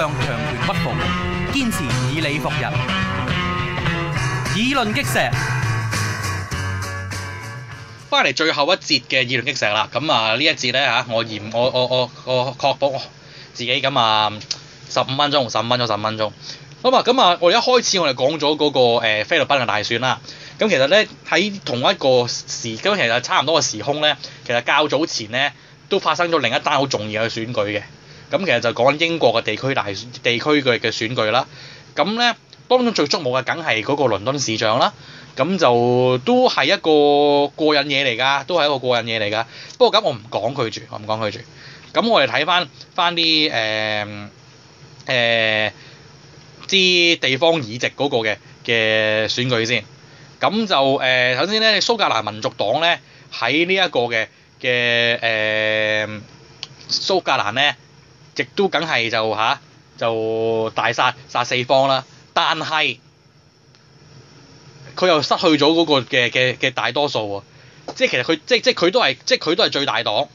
向強權屈服，堅持以理服人。議論擊石，翻嚟最後一節嘅議論擊石啦。咁啊，呢一節咧嚇，我嫌，我我我我確保自己咁啊，十五分鐘，十五分鐘，十五分鐘。咁啊，咁啊，我一開始我哋講咗嗰個呃菲律賓嘅大選啦。咁其實咧喺同一個時，咁其實差唔多個時空咧，其實較早前咧都發生咗另一單好重要嘅選舉嘅。咁其實就講緊英國嘅地區大選，地區嘅嘅選舉啦。咁咧，當中最矚目嘅梗係嗰個倫敦市長啦。咁就都係一個過癮嘢嚟㗎，都係一個過癮嘢嚟㗎。不過咁我唔講佢住，我唔講佢住。咁我哋睇翻翻啲誒誒啲地方議席嗰個嘅嘅選舉先。咁就誒，首先咧，蘇格蘭民族黨咧喺呢一個嘅嘅誒蘇格蘭咧。亦都梗係就吓就大殺殺四方啦！但係佢又失去咗嗰個嘅嘅嘅大多數，即係其實佢即係即係佢都係即係佢都係最大黨，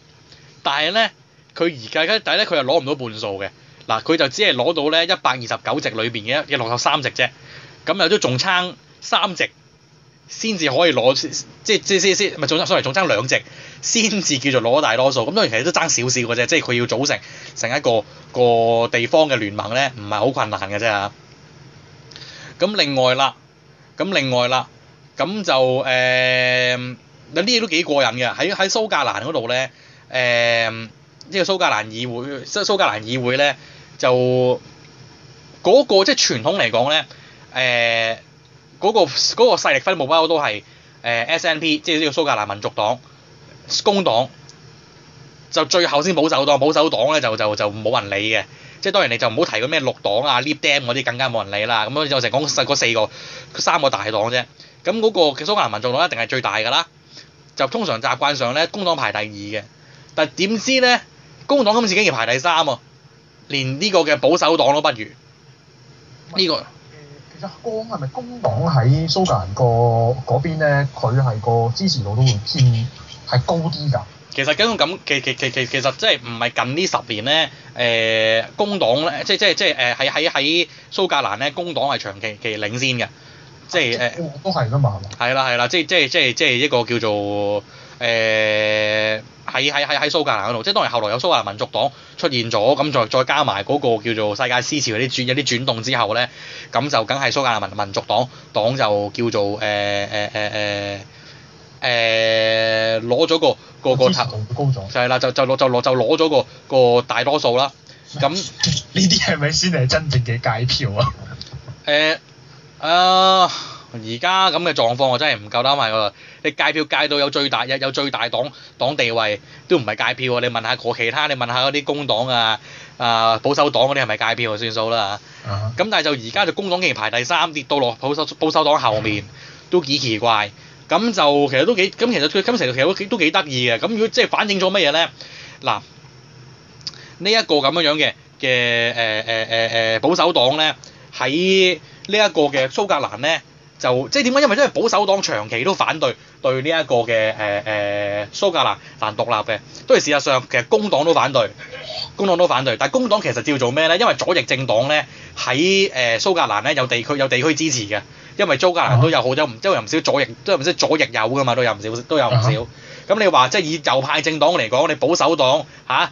但係咧佢而家而家但係咧佢又攞唔到半數嘅，嗱佢就只係攞到咧一百二十九席裏邊嘅嘅六十三席啫，咁又都仲撐三席。先至可以攞，即即即即咪總之，所謂總爭兩席先至叫做攞大多數。咁當然其實都爭少少嘅啫，即係佢要組成成一個個地方嘅聯盟咧，唔係好困難嘅啫、啊。咁另外啦，咁另外啦，咁就誒嗱啲都幾過癮嘅。喺喺蘇格蘭嗰度咧，誒即係蘇格蘭議會，蘇蘇格蘭議會咧就嗰、那個即係傳統嚟講咧，誒、呃。嗰、那個嗰、那個、勢力分佈包都係誒、呃、SNP 即係呢個蘇格蘭民族黨、工黨，就最後先保守黨。保守黨咧就就就冇人理嘅，即係當然你就唔好提佢咩綠黨啊、Lib Dem 嗰啲， 更加冇人理啦。咁樣就成講嗰四個、三個大黨啫。咁嗰個其實蘇格蘭民族黨一定係最大㗎啦。就通常習慣上咧，工黨排第二嘅，但點知咧，工黨今次竟然排第三喎、啊，連呢個嘅保守黨都不如呢、這個。光係咪工黨喺蘇格蘭個嗰邊咧？佢係個支持度都會偏係高啲㗎。其實幾種咁，其其其其其實即係唔係近呢十年咧？誒、呃，工黨咧，即即即誒喺喺喺蘇格蘭咧，工黨係長期期領先嘅、啊，即係誒、呃。都係㗎嘛，係嘛？係啦係啦，即即即即，即一個叫做誒。呃喺喺喺喺蘇格蘭嗰度，即係當然後來有蘇格蘭民族黨出現咗，咁再再加埋嗰個叫做世界思潮啲轉有啲轉動之後咧，咁就梗係蘇格蘭民民族黨黨就叫做誒誒誒誒誒攞咗個個個頭，就係、是、啦，就就就就攞咗個個大多數啦。咁呢啲係咪先係真正嘅界票啊？啊、 呃！呃而家咁嘅狀況我真係唔夠膽買㗎，你界票界到有最大有有最大黨黨地位都唔係界票喎。你問下嗰其他，你問下嗰啲工黨啊，啊保守黨嗰啲係咪界票算數啦？咁但係就而家就工黨竟然排第三，跌到落保守保守黨後面都幾奇怪。咁就其實都幾咁，其實佢咁成其實都幾都幾得意嘅。咁如果即係反映咗乜嘢咧？嗱，呢一個咁樣樣嘅嘅誒誒誒誒保守黨咧，喺呢一個嘅蘇格蘭咧。就即係點解？因為因為保守黨長期都反對對呢、這、一個嘅誒誒蘇格蘭反獨立嘅，都係事實上其實工黨都反對，工黨都反對。但係工黨其實照做咩咧？因為左翼政黨咧喺誒蘇格蘭咧有地區有地區支持嘅，因為蘇格蘭都有好有唔都有唔少左翼都有唔少左翼有㗎嘛都有唔少都有唔少。咁、啊、你話即係以右派政黨嚟講，你保守黨嚇？啊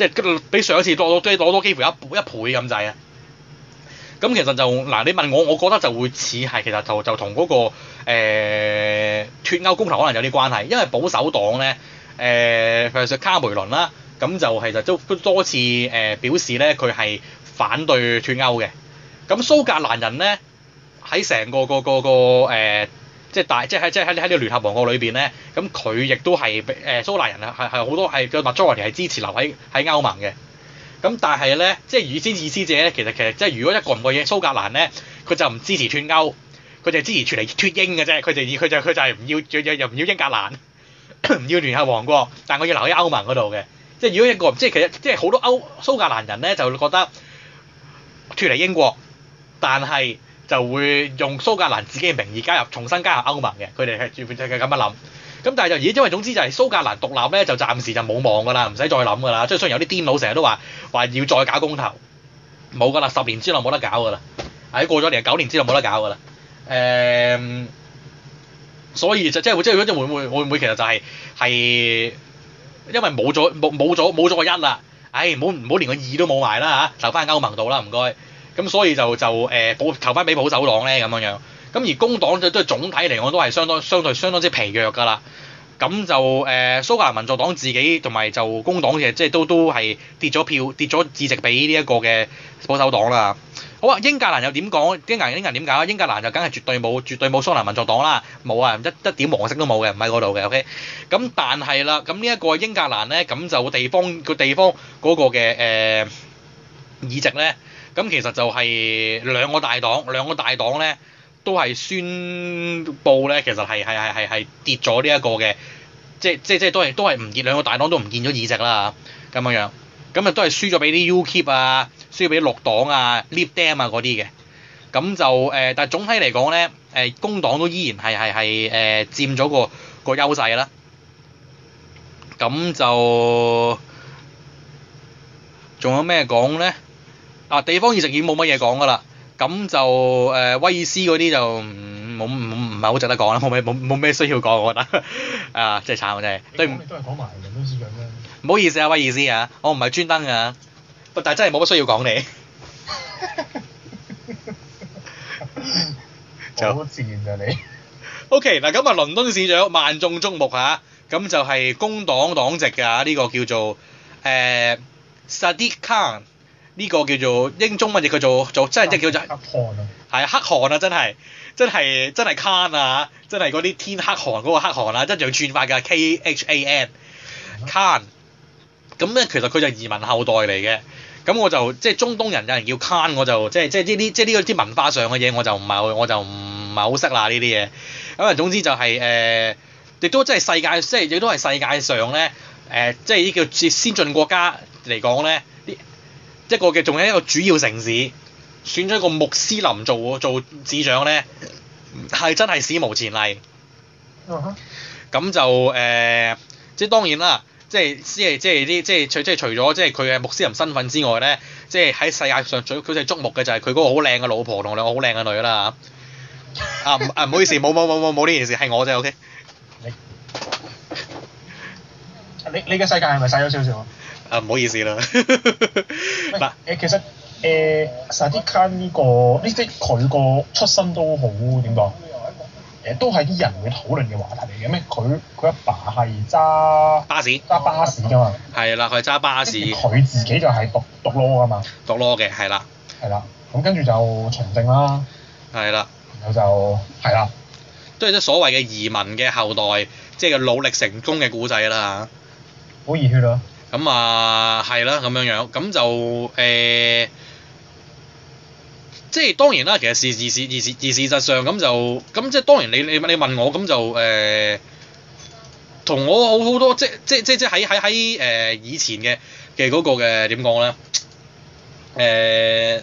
即係比上一次多多多攞多幾乎一一倍咁滯啊！咁其實就嗱，你問我，我覺得就會似係其實就就同嗰、那個誒、呃、脱歐公投可能有啲關係，因為保守黨咧誒，譬、呃、如說卡梅倫啦，咁就其實都都多次誒表示咧佢係反對脱歐嘅。咁蘇格蘭人咧喺成個個個個、呃即係大，即係喺即係喺呢個聯合王國裏邊咧，咁佢亦都係誒蘇格蘭人啊，係好多係個麥蘇格蘭人係支持留喺喺歐盟嘅。咁但係咧，即係以先意思者咧，其實其實即係如果一個唔覺嘢，蘇格蘭咧，佢就唔支持脱歐，佢就支持脱離脱英嘅啫，佢就佢就佢就係唔要又又唔要英格蘭，唔 要聯合王國，但佢要留喺歐盟嗰度嘅。即係如果一個唔即係其實即係好多歐蘇格蘭人咧，就覺得脱離英國，但係，就會用蘇格蘭自己嘅名義加入，重新加入歐盟嘅，佢哋係原本就係咁樣諗。咁但係就而家因為總之就係蘇格蘭獨立咧，就暫時就冇望噶啦，唔使再諗噶啦。即係雖然有啲癲佬成日都話話要再搞公投，冇噶啦，十年之內冇得搞噶啦。喺、哎、過咗年，九年之內冇得搞噶啦。誒、呃，所以就即係即係如果會唔會會唔會，會其實就係、是、係因為冇咗冇冇咗冇咗個一啦，唉、哎，唔好唔好連個二都冇埋啦嚇，留返歐盟度啦，唔該。咁所以就就誒保投翻俾保守黨咧咁樣樣，咁而工黨就都係總體嚟講都係相當相對相當之疲弱㗎啦。咁就誒蘇格蘭民族黨自己同埋就工黨嘅即係都都係跌咗票跌咗議席俾呢一個嘅保守黨啦。好啊，英格蘭又點講？英格英格蘭點解啊？英格蘭就梗係絕對冇絕對冇蘇格蘭民族黨啦，冇啊，一一點黃色都冇嘅，唔喺嗰度嘅。OK。咁但係啦，咁呢一個英格蘭咧，咁就地方個地方嗰個嘅誒議席咧。咁其實就係兩個大黨，兩個大黨咧都係宣布咧，其實係跌咗呢一個嘅，即係即即都係都唔跌，兩個大黨都唔見咗議席啦，咁樣樣，咁啊都係輸咗俾啲 UKIP 啊，輸咗俾啲綠黨啊、Lib Dem 啊嗰啲嘅，咁就、呃、但係總體嚟講咧，工黨都依然係係係誒佔咗個個優勢啦，咁就仲有咩講咧？啊！地方議席已經冇乜嘢講㗎啦，咁就誒威爾斯嗰啲就唔冇冇唔係好值得講啦，冇咩冇冇咩需要講，我覺得啊，真係慘，真係對唔住。都係講埋倫敦市長啦。唔好意思啊，威爾斯啊，我唔係專登㗎，但係真係冇乜需要講你。好賤啊你！O K，嗱咁啊，倫敦市長萬眾矚目嚇，咁就係工黨黨籍㗎，呢個叫做誒 Sadiq Khan。呢、這個叫做英中乜嘢？做做叫做做真係即係叫做黑汗啊，係啊黑汗啊真係真係真係 Khan 啊，真係嗰啲天黑汗嗰、那個黑汗啊，真係仲串法㗎，K H A N Khan 咁咧，其實佢就移民後代嚟嘅，咁我就即係中東人有人叫 Khan，我就即係即係呢啲即係呢個啲文化上嘅嘢，我就唔係我就唔唔係好識啦呢啲嘢。咁啊總之就係誒亦都即係世界即係亦都係世界上咧誒、呃，即係呢叫先先進國家嚟講咧。一個嘅仲係一個主要城市，選咗一個穆斯林做做市長咧，係真係史無前例。嗯哼。咁就誒，即係當然啦，即係即係即係啲即係除即係除咗即係佢嘅穆斯林身份之外咧，即係喺世界上最佢就係矚目嘅就係佢嗰個好靚嘅老婆同兩個好靚嘅女啦嚇。啊唔啊唔好意思，冇冇冇冇冇呢件事係我啫，OK？你你你嘅世界係咪細咗少少？啊，唔好意思啦、 欸呃。其實誒，Sadiq Khan 呢個，即佢個出身都好點講，誒、呃，都係啲人會討論嘅話題嚟嘅咩？佢佢阿爸係揸巴士揸巴士㗎嘛，係啦，佢係揸巴士。佢自己就係讀讀 law 㗎嘛，讀 law 嘅係啦，係啦，咁跟住就從政啦，係啦，然後就係啦，都係啲所謂嘅移民嘅後代，即、就、係、是、努力成功嘅古仔啦好熱血啊！咁啊，係啦，咁樣樣，咁就誒、呃，即係當然啦。其實事事事事事，事，事實上咁就，咁即係當然你你你問我咁就誒，同、呃、我好好多即即即即喺喺喺以前嘅嘅嗰個嘅點講咧？誒、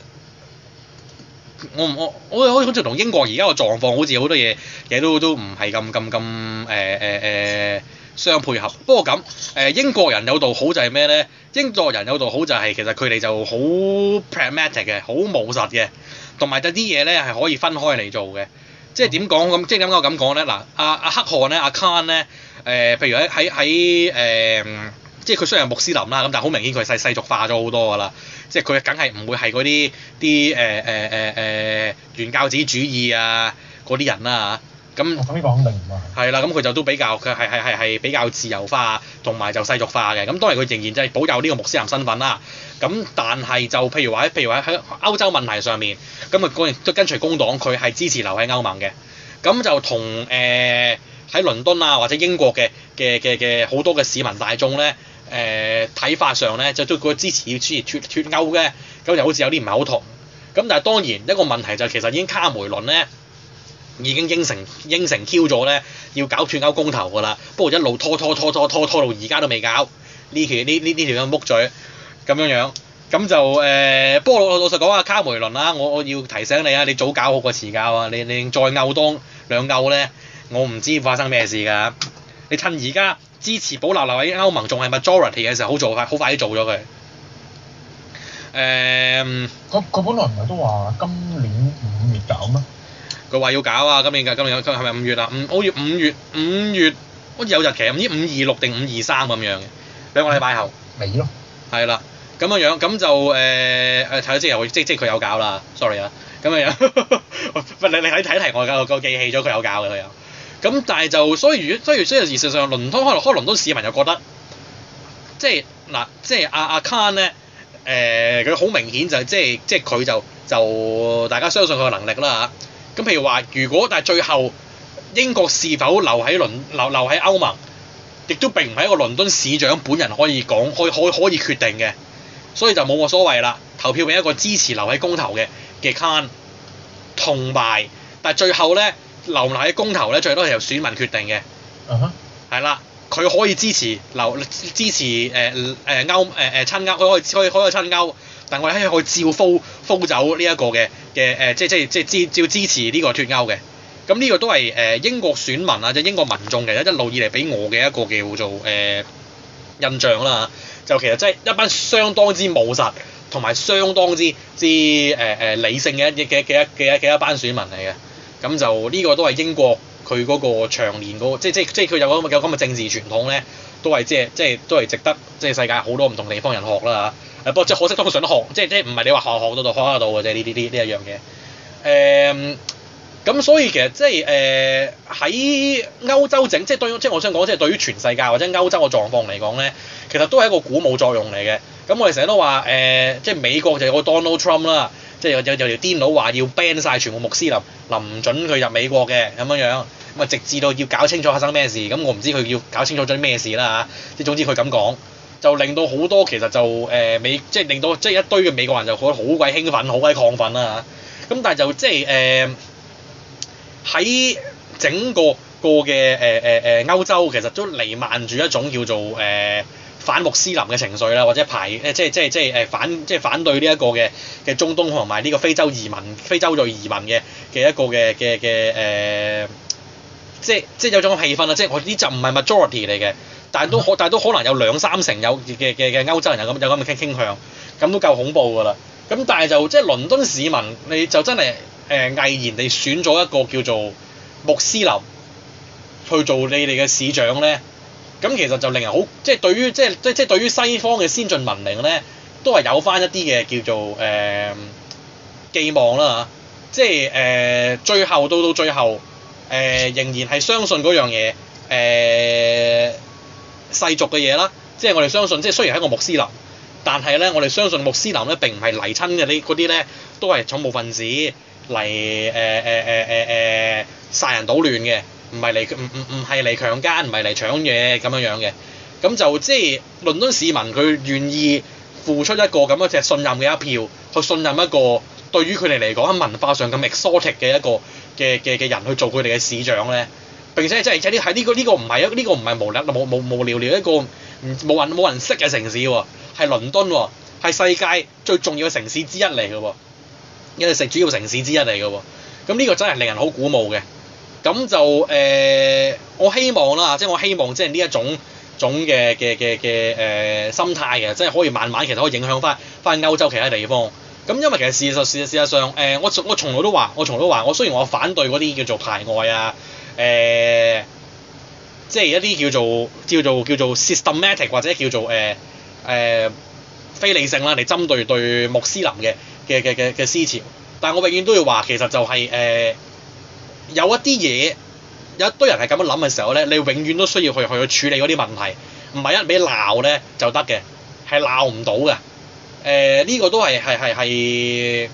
呃，我我我好似同英國而家嘅狀況好似好多嘢嘢都都唔係咁咁咁誒誒誒。相配合。不過咁，誒英國人有道好就係咩咧？英國人有道好就係、就是、其實佢哋就好 pragmatic 嘅，好務實嘅，同埋啲嘢咧係可以分開嚟做嘅。即係點講咁？即係點解我咁講咧？嗱、呃，阿、啊、阿、啊、黑汗咧，阿 Khan 咧，誒、呃、譬如喺喺喺誒，即係佢雖然係穆斯林啦，咁但係好明顯佢係世世俗化咗好多㗎啦。即係佢梗係唔會係嗰啲啲誒誒誒誒原教旨主義啊嗰啲人啦、啊咁呢個肯定唔係。係啦，咁佢就都比較，佢係係係係比較自由化，同埋就世俗化嘅。咁當然佢仍然就係保有呢個穆斯林身份啦。咁但係就譬如話喺譬如喺喺歐洲問題上面，咁啊都跟隨工黨，佢係支持留喺歐盟嘅。咁就同誒喺倫敦啊或者英國嘅嘅嘅嘅好多嘅市民大眾咧誒睇法上咧，就都佢支持要支持脫脫歐嘅。咁就好似有啲唔係好同。咁但係當然一個問題就其實已經卡梅倫咧。已經應承應承 Q 咗咧，要搞斷交公投噶啦，不過一路拖拖拖拖拖拖到而家都未搞，呢期呢呢呢條咁木嘴咁樣樣，咁就誒，不過老老實講啊，卡梅倫啦，我我要提醒你啊，你早搞好過遲搞啊，你你再拗多兩拗咧，我唔知發生咩事㗎。你趁而家支持保留留喺歐盟仲係 majority 嘅時候，好做快好快啲做咗佢。誒。佢佢本來唔係都話今年。佢話要搞啊！今年㗎，今年今係咪五月啊？五月五月五月，好似有日期唔知五二六定五二三咁樣嘅兩個禮拜後。未咯？係啦，咁樣樣咁就誒誒睇即係即即佢有搞啦。Sorry 啊，咁樣樣，呵呵你你睇睇題外㗎，我我記起咗佢有搞嘅佢有。咁但係就所以如所以所以事實上，倫敦可能可能，可能都市民又覺得即係嗱即係阿阿 Khan 咧誒，佢好明顯就即係即係佢就就大家相信佢嘅能力啦咁譬如話，如果但係最後英國是否留喺倫留留喺歐盟，亦都並唔係一個倫敦市長本人可以講可以可以可以決定嘅，所以就冇我所謂啦。投票俾一個支持留喺公投嘅嘅 Khan，同埋但係最後咧留留喺公投咧，最多係由選民決定嘅。啊係啦，佢可以支持留支持誒誒、呃呃、歐誒誒、呃、親歐，佢可以可以可以親歐。但係我喺可以照 follow follow 走呢一個嘅嘅、呃、即係即即支照支持呢個脫歐嘅。咁、嗯、呢、呢個都係、呃、英國選民啊，即英國民眾嘅一一路以嚟俾我嘅一個叫做、呃、印象啦。就其實即係一班相當之務實同埋相當之之、呃、理性嘅一嘅嘅一嘅一嘅一班選民嚟嘅。咁就呢個都係英國佢嗰、嗰個長年嗰、嗰個、即即即佢有嗰個有嗰個政治傳統咧。都係即係即係都係值得即係、就是、世界好多唔同地方人學啦嚇、啊，不過即係可惜通常都想學即係即係唔係你話學學到度學,學,學得到嘅啫呢啲啲呢一樣嘢。誒，咁、嗯、所以其實即係誒喺歐洲整即係對即係我想講即係對於全世界或者歐洲嘅狀況嚟講咧，其實都係一個鼓舞作用嚟嘅。咁我哋成日都話誒、呃，即係美國就有個 Donald Trump 啦，即係有有條癲佬話要 ban 晒全部穆斯林，唔準佢入美國嘅咁樣樣。咁啊，直至到要搞清楚發生咩事，咁我唔知佢要搞清楚咗啲咩事啦嚇。即係總之佢咁講，就令到好多其實就誒美，即、呃、係、就是、令到即係一堆嘅美國人就覺得好鬼興奮，好鬼亢奮啦嚇。咁但係就即係誒喺整個個嘅誒誒誒歐洲，其實都瀰漫住一種叫做誒、呃、反穆斯林嘅情緒啦，或者排誒即係即係即係誒反即係反對呢一個嘅嘅中東同埋呢個非洲移民非洲裔移民嘅嘅一個嘅嘅嘅誒。即即有種氣氛啊！即係我呢集唔係 majority 嚟嘅，但係都可，但係都可能有兩三成有嘅嘅嘅歐洲人有咁有咁嘅傾傾向，咁都夠恐怖㗎啦！咁但係就即係倫敦市民，你就真係誒、呃、毅然地選咗一個叫做穆斯林去做你哋嘅市長咧，咁其實就令人好即係對於即係即係即係對於西方嘅先進文明咧，都係有翻一啲嘅叫做誒、呃、寄望啦，即係誒、呃、最後到到最後。誒、呃、仍然係相信嗰樣嘢，誒、呃、世俗嘅嘢啦，即係我哋相信，即係雖然係個穆斯林，但係咧我哋相信穆斯林咧並唔係嚟親嘅，那些呢啲咧都係恐怖分子嚟誒誒誒誒誒殺人搗亂嘅，唔係嚟唔唔唔係嚟強姦，唔係嚟搶嘢咁樣樣嘅，咁就即係倫敦市民佢願意付出一個咁樣嘅信任嘅一票，去信任一個。對於佢哋嚟講，喺文化上咁 exotic 嘅一個嘅嘅嘅人去做佢哋嘅市長咧，並且即係即係呢喺呢個呢、這個唔係啊，呢、這個唔係無力冇冇無聊聊一個冇人冇人識嘅城市喎、哦，係倫敦喎、哦，係世界最重要嘅城市之一嚟嘅喎，因為係主要城市之一嚟嘅喎，咁呢個真係令人好鼓舞嘅，咁就誒、呃、我希望啦，即係我希望即係呢一種種嘅嘅嘅嘅誒心態嘅，即係可以慢慢其實可以影響翻翻歐洲其他地方。咁因為其實事實事實事實上，誒、呃、我我從來都話，我從來都話，我雖然我反對嗰啲叫做排外啊，誒、呃，即、就、係、是、一啲叫做叫做叫做 systematic 或者叫做誒誒、呃呃、非理性啦，嚟針對對穆斯林嘅嘅嘅嘅嘅思潮，但係我永遠都要話，其實就係、是、誒、呃、有一啲嘢有一堆人係咁樣諗嘅時候咧，你永遠都需要去去去處理嗰啲問題，唔係一昧鬧咧就得嘅，係鬧唔到嘅。誒、呃、呢、這個都係係係係，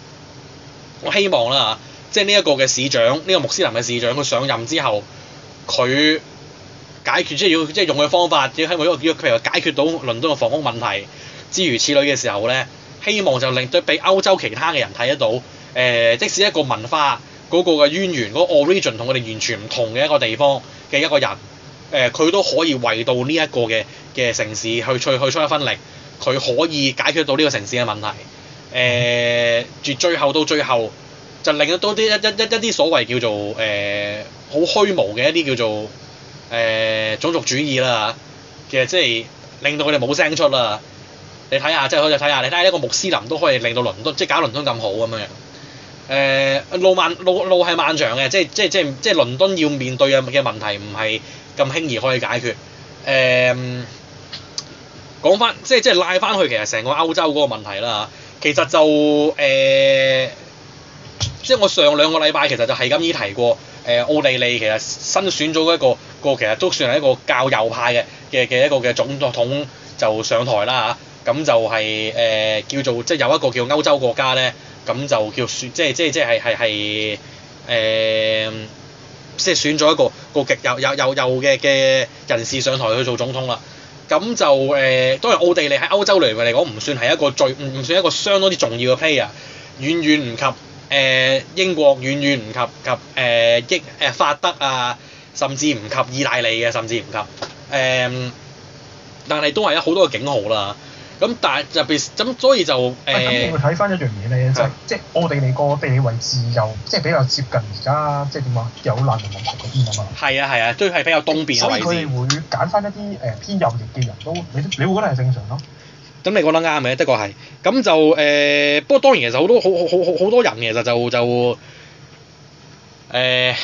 我希望啦即係呢一個嘅市長，呢、這個穆斯林嘅市長，佢上任之後，佢解決即係要即係用佢方法，要喺解決到倫敦嘅房屋問題，之如此類嘅時候咧，希望就令到俾歐洲其他嘅人睇得到，誒、呃、即使一個文化嗰、那個嘅淵源，嗰、那個 origin 同佢哋完全唔同嘅一個地方嘅一個人，誒、呃、佢都可以為到呢一個嘅嘅城市去去去，去出一分力。佢可以解決到呢個城市嘅問題，誒、呃，最最後到最後就令到多啲一些一一一啲所謂叫做誒好、呃、虛無嘅一啲叫做誒、呃、種族主義啦嚇，其實即係令到佢哋冇聲出啦。你睇下即係可以睇下你睇下一個穆斯林都可以令到倫敦即係搞倫敦咁好咁樣，誒、呃、路漫路路係漫長嘅，即係即係即係即係倫敦要面對嘅嘅問題唔係咁輕易可以解決，誒、呃。講翻即係即係賴翻去，其實成個歐洲嗰個問題啦嚇其實就、呃、即係我上兩個禮拜其實就係咁已提過。誒、呃，奧地利,利其實新選咗一個個其實都算係一個較右派嘅嘅嘅一個嘅總統就上台啦嚇。咁、啊、就係、是呃、叫做即係有一個叫歐洲國家咧，咁就叫即係即係、呃、即係係係係即係選咗一個一個極右右右右嘅嘅人士上台去做總統啦。咁就誒、呃，當然奧地利喺歐洲嚟嘅嚟講唔算係一個最唔唔算一個相當之重要嘅 player，遠遠唔及誒、呃、英國，遠遠唔及及誒英誒法德啊，甚至唔及意大利嘅，甚至唔及誒、呃，但係都係有好多嘅警號啦。咁但係特別咁，所以就誒，咁、呃、你睇翻一樣嘢咧，就係、是嗯、即係奧地利個地理位置又即係比較接近而家，即係點話有難民嗰邊啊嘛。係啊係啊，都係、啊就是、比較東邊嘅位置。所以佢哋會揀翻一啲誒、呃、偏右翼嘅人都，你你會覺得係正常咯。咁你講得啱嘅，的確係。咁就誒、呃，不過當然其實多好多好好好好好多人其實就就誒。呃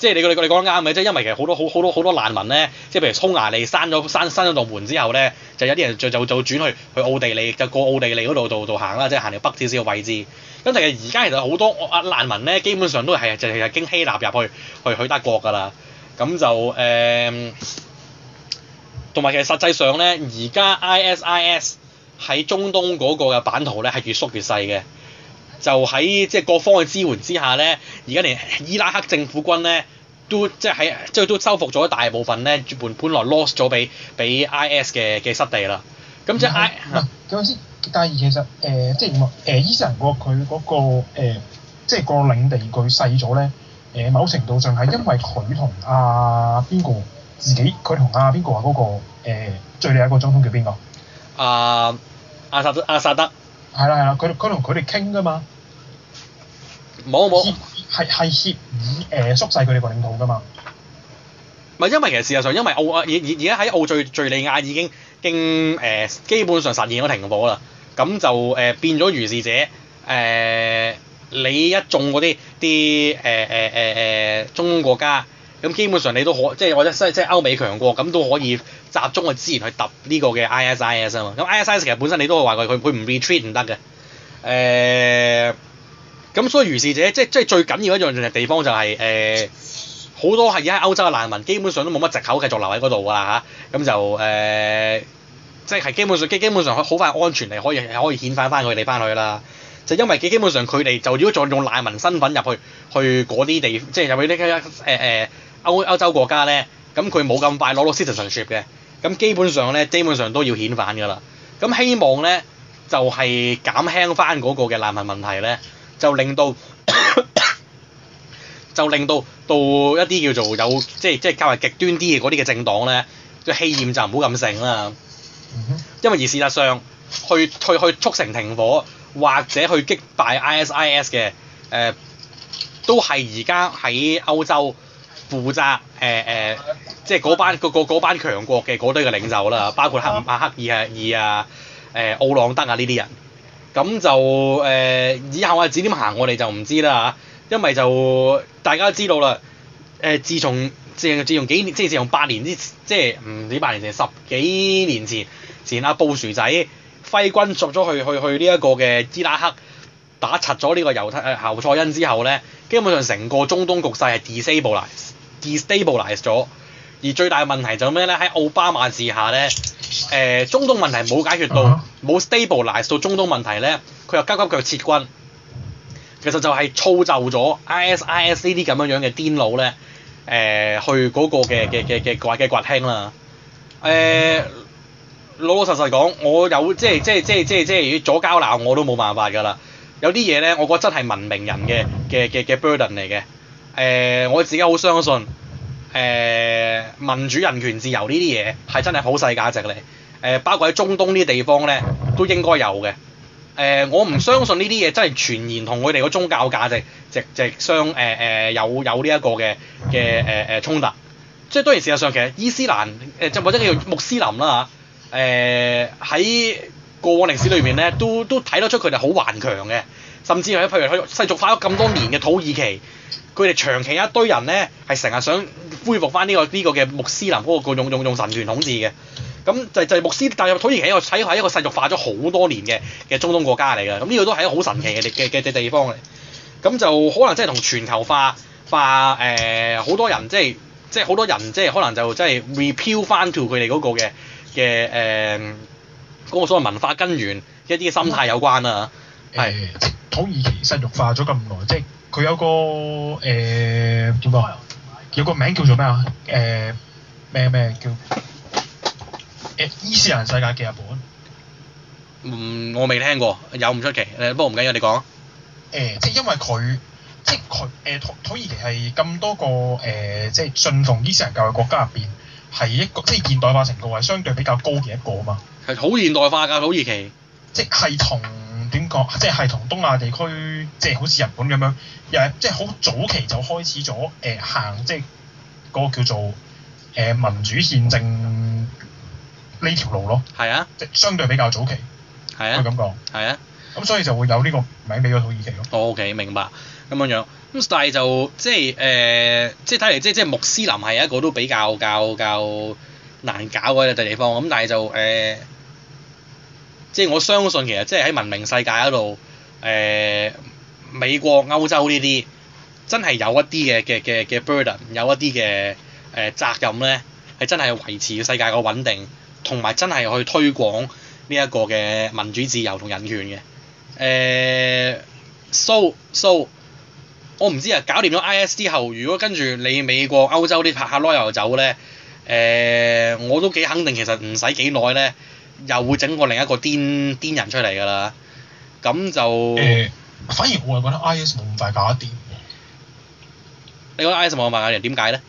即係你哋你個你，你講得啱嘅，即係因為其實好多好好多好多難民咧，即係譬如匈牙利關咗關關咗道門之後咧，就有啲人就就就轉去去奧地利，就過奧地利嗰度度度行啦，即係行條北少少嘅位置。咁但係而家其實好多阿難民咧，基本上都係就係、是、經希臘入去去去德國㗎啦。咁就誒，同、嗯、埋其實實際上咧，而家 ISIS 喺中東嗰個嘅版圖咧係越縮越細嘅。就喺即係各方嘅支援之下咧，而家連伊拉克政府軍咧都即係喺即係都收復咗大部分咧，原本原來 lost 咗俾俾 IS 嘅嘅失地啦。咁即係唔係？等、嗯、先、啊嗯。但係其實誒、呃，即係誒，伊斯蘭國佢嗰個、呃、即係個領地佢細咗咧。誒、呃，某程度上係因為佢同阿邊個自己，佢同阿邊個啊？嗰、那個、呃、最叻一個總統叫邊個？阿阿薩阿薩德。係啦係啦，佢佢同佢哋傾㗎嘛，冇冇係係協議誒縮細佢哋個領土㗎嘛，唔係因為其實事實上因為澳啊而而而家喺澳敘利亞已經，經、呃、基本上實現咗停火啦，咁就誒、呃、變咗如是者、呃、你一眾嗰啲啲中東、呃呃、國家。咁基本上你都可，即係我覺得即係歐美強國，咁都可以集中自然去這個資源去揼呢個嘅 ISIS 啊嘛。咁 ISIS 其實本身你都會話佢佢唔 retreat 唔得嘅。誒、欸，咁所以如是者，即係即係最緊要一樣地方就係、是、誒，好、欸、多係而家歐洲嘅難民基本上都冇乜藉口繼續留喺嗰度㗎啦嚇，咁、啊、就誒，即、欸、係、就是、基本上基基本上好快安全嚟可以可以遣返返佢哋返去啦。就因為佢基本上佢哋就如果再用難民身份入去去嗰啲地，即係入去呢一誒歐歐洲國家咧，咁佢冇咁快攞到 citizenship 嘅，咁基本上咧，基本上都要遣返㗎啦。咁希望咧就係、是、減輕翻嗰個嘅難民問題咧，就令到 就令到到一啲叫做有即係即係較為極端啲嘅嗰啲嘅政黨咧，即係氣焰就唔好咁盛啦。因為而事實上，去去去促成停火或者去擊敗 ISIS 嘅誒、呃，都係而家喺歐洲。負責誒誒、呃呃，即係嗰班個個班強國嘅嗰堆嘅領袖啦，包括哈馬克爾啊、二、呃、啊、誒奧朗德啊呢啲人，咁就誒、呃、以後嘅指點行我，我哋就唔知啦嚇，因為就大家都知道啦。誒、呃，自從自自從幾年，即係自從八年之，即係唔止八年前，成十幾年前，前阿布殊仔揮軍作咗去去去呢一個嘅伊拉克，打柒咗呢個猶太、呃、侯賽因之後咧，基本上成個中東局勢係 disable 啦。destabilize 咗，而最大嘅問題就係咩咧？喺奧巴馬治下咧，誒、呃，中東問題冇解決到，冇、uh -huh. stabilize 到中東問題咧，佢又急急腳撤軍，其實就係操就咗 ISIS 呢啲咁樣樣嘅顛佬咧，誒，去嗰個嘅嘅嘅嘅嘅嘅崛起啦，誒、呃，老老實實講，我有即係即係即係即係即係左膠鬧我都冇辦法噶啦，有啲嘢咧，我覺得真係文明人嘅嘅嘅嘅 burden 嚟嘅。誒、呃、我自己好相信，誒、呃、民主、人權、自由呢啲嘢係真係普世價值嚟，誒、呃、包括喺中東呢啲地方咧，都應該有嘅。誒、呃、我唔相信呢啲嘢真係全然同佢哋個宗教價值直直相誒誒、呃呃、有有呢一個嘅嘅誒誒衝突。即係當然事實上其實伊斯蘭誒即或者叫穆斯林啦嚇，誒、呃、喺過往歷史裏面咧都都睇得出佢哋好頑強嘅，甚至係譬如佢世俗化咗咁多年嘅土耳其。佢哋長期一堆人咧，係成日想恢復翻呢、呢個呢、呢個嘅穆斯林嗰、嗰個用用用神權統治嘅，咁就係、就穆斯就土耳其我睇係一個世俗化咗好多年嘅嘅中東國家嚟嘅。咁呢個都係一個好神奇嘅嘅嘅地方嚟，咁就可能即係同全球化化誒好、呃、多人即係即係好多人即係可能就即係 repeal 翻 to 佢哋嗰個嘅嘅誒嗰個所謂文化根源一啲嘅心態有關啊，係、嗯。土耳其西化咗咁耐，即係佢有個誒叫咩？有個名叫做咩啊？誒咩咩叫誒伊斯蘭世界嘅日本？嗯，我未聽過，有唔出奇。誒，不過唔緊要，你講。誒，即係因為佢，即係佢誒土土耳其係咁多個誒，即係信奉伊斯蘭教嘅國家入邊，係一個即係現代化程度係相對比較高嘅一個啊嘛。係好現代化㗎，土耳其。即係同。點講，即係同東亞地區，即係好似日本咁樣，又係即係好早期就開始咗誒、呃、行，即係嗰、那個叫做誒、呃、民主憲政呢條路咯。係啊，即係相對比較早期。係啊。嘅感覺。係啊。咁所以就會有呢個名俾咗土耳其咯。哦、o、okay, K，明白咁樣樣。咁但係就即係誒，即係睇嚟即係即係穆斯林係一個都比較較較難搞嘅地方。咁但係就誒。呃即係我相信其實即係喺文明世界嗰度，誒、呃、美國歐洲呢啲真係有一啲嘅嘅嘅嘅 burden，有一啲嘅誒責任咧，係真係維持世界個穩定，同埋真係去推廣呢一個嘅民主自由同人權嘅。誒、呃，so so，我唔知啊，搞掂咗 IS 之後，如果跟住你美國歐洲啲拍下籮柚走咧，誒、呃，我都幾肯定其實唔使幾耐咧。又會整個另一個癲癲人出嚟㗎啦，咁就誒、欸，反而我係覺得 IS 冇咁快搞得掂。你覺得 IS 冇咁快搞得掂，點解咧？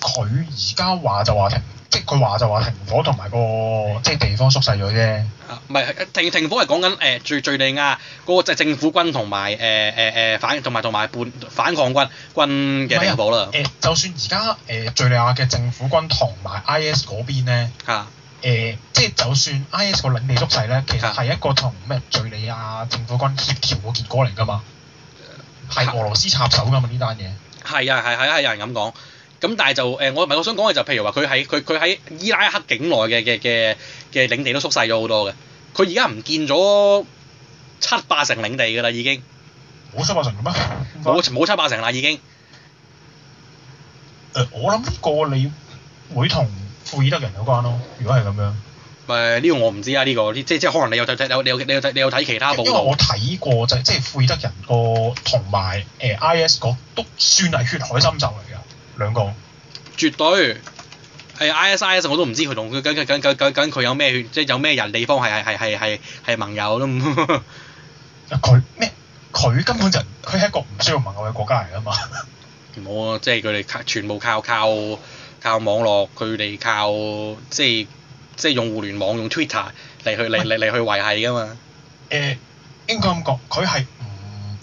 佢而家話就話停，即係佢話就話停火同埋，嗰個即係、即係、地方縮細咗啫。啊，唔係停停火係講緊誒，敍、呃、敍利亞嗰個即係政府軍同埋誒誒誒反同埋同埋叛反抗軍軍嘅停火啦。誒、啊呃，就算而家誒敍利亞嘅政府軍同埋 IS 嗰邊咧嚇。啊誒、呃，即係就算 I S 個領地縮細咧，其實係一個同咩敍利亞政府軍協調嘅結果嚟㗎嘛，係俄羅斯插手㗎嘛呢單嘢。係啊係係啊係，啊啊有人咁講。咁但係就誒、呃，我唔係我想講嘅就譬如話，佢喺佢佢喺伊拉克境內嘅嘅嘅嘅領地都縮細咗好多嘅，佢而家唔見咗七八成領地㗎啦已經。冇七八成嘅咩？冇冇七八成啦已經。誒、呃，我諗過你會同庫爾德人有關咯，如果係咁樣，誒、這、呢個我唔知啊，呢、這個，即即可能你有睇有你有你有睇你有睇其他報，因為我睇過就是、即庫爾德人個同埋誒 IS 嗰都算係血海深仇嚟㗎，兩個絕對係、欸、IS，IS 我都唔知佢同，佢，咁咁咁咁佢有咩血，即、就是、有咩人地方係係係係係盟友都，佢 咩？佢根本就佢係一個唔需要盟友嘅國家嚟㗎嘛，冇 啊，即佢哋全部靠靠我。靠網絡，佢哋靠即係即係用互聯網用 Twitter 嚟去嚟嚟嚟去維繫噶嘛。誒、欸，應該咁講，佢係唔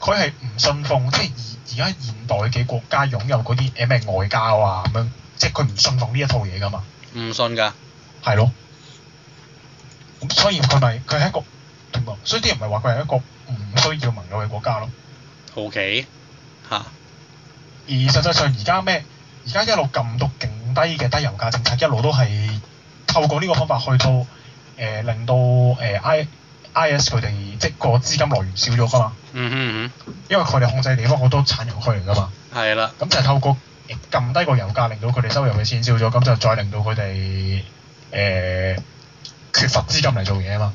佢係唔信奉，即係而而家現代嘅國家擁有嗰啲誒咩外交啊咁樣，即係佢唔信奉呢一套嘢噶嘛。唔信㗎。係咯。所以佢咪佢係一個所以啲人咪話佢係一個唔需要盟友嘅國家咯。OK。嚇。而實際上，而家咩？而家一路撳到勁低嘅低油價政策，一路都係透過呢個方法去到誒、呃、令到誒、呃、I IS 佢哋即個資金來源少咗㗎嘛。嗯哼嗯嗯。因為佢哋控制地方好多產油區嚟㗎嘛。係、嗯、啦。咁就透過撳、呃、低個油價，令到佢哋收入嘅錢少咗，咁就再令到佢哋誒缺乏資金嚟做嘢啊嘛。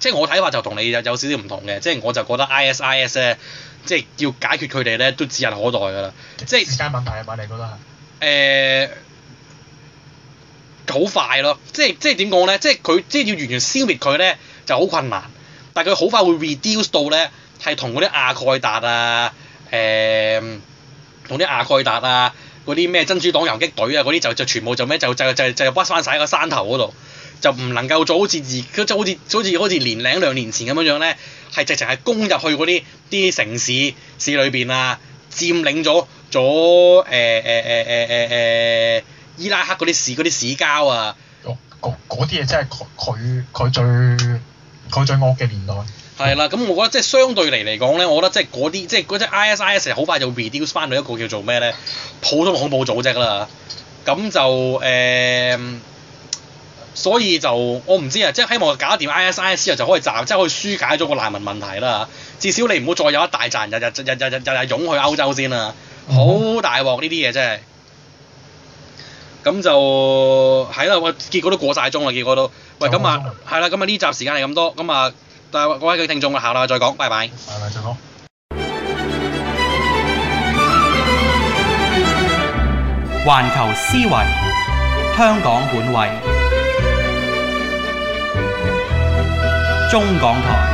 即係我睇法就同你有有少少唔同嘅，即係我就覺得 ISIS 咧，即係要解決佢哋咧都指日可待㗎啦。即係時間問題啊嘛？你覺得係？誒、呃，好快咯！即係即係點講咧？即係佢即係要完全消滅佢咧就好困難，但係佢好快會 reduce 到咧係同嗰啲阿蓋達啊誒，同啲阿蓋達啊嗰啲咩真主黨遊擊隊啊嗰啲就就全部就咩就就就就屈翻晒喺個山頭嗰度。就唔能夠做好似自即係好似好似好似年零兩年前咁樣樣咧，係直情係攻入去嗰啲啲城市市裏邊啊，佔領咗咗誒誒誒誒誒誒伊拉克嗰啲市嗰啲市郊啊！哦，嗰啲嘢真係佢佢佢最佢最惡嘅年代。係啦，咁我覺得即係相對嚟嚟講咧，我覺得即係嗰啲即係嗰隻 ISIS 好快就 reduce 翻到一個叫做咩咧普通恐怖組織啦。咁就誒。欸所以就我唔知啊，即係希望搞掂 ISIS 啊，就可以集，即係可以疏解咗個難民問題啦。至少你唔好再有一大紮，日日日日日日日日湧去歐洲先啦。好大鑊呢啲嘢真係。咁就係啦，喂，結果都過晒鐘啦，結果都喂，咁啊，係啦，咁啊呢集時間係咁多，咁啊，但係各位聽眾下禮拜再講，拜拜。下禮拜再講。環球思維，香港本位。中港台。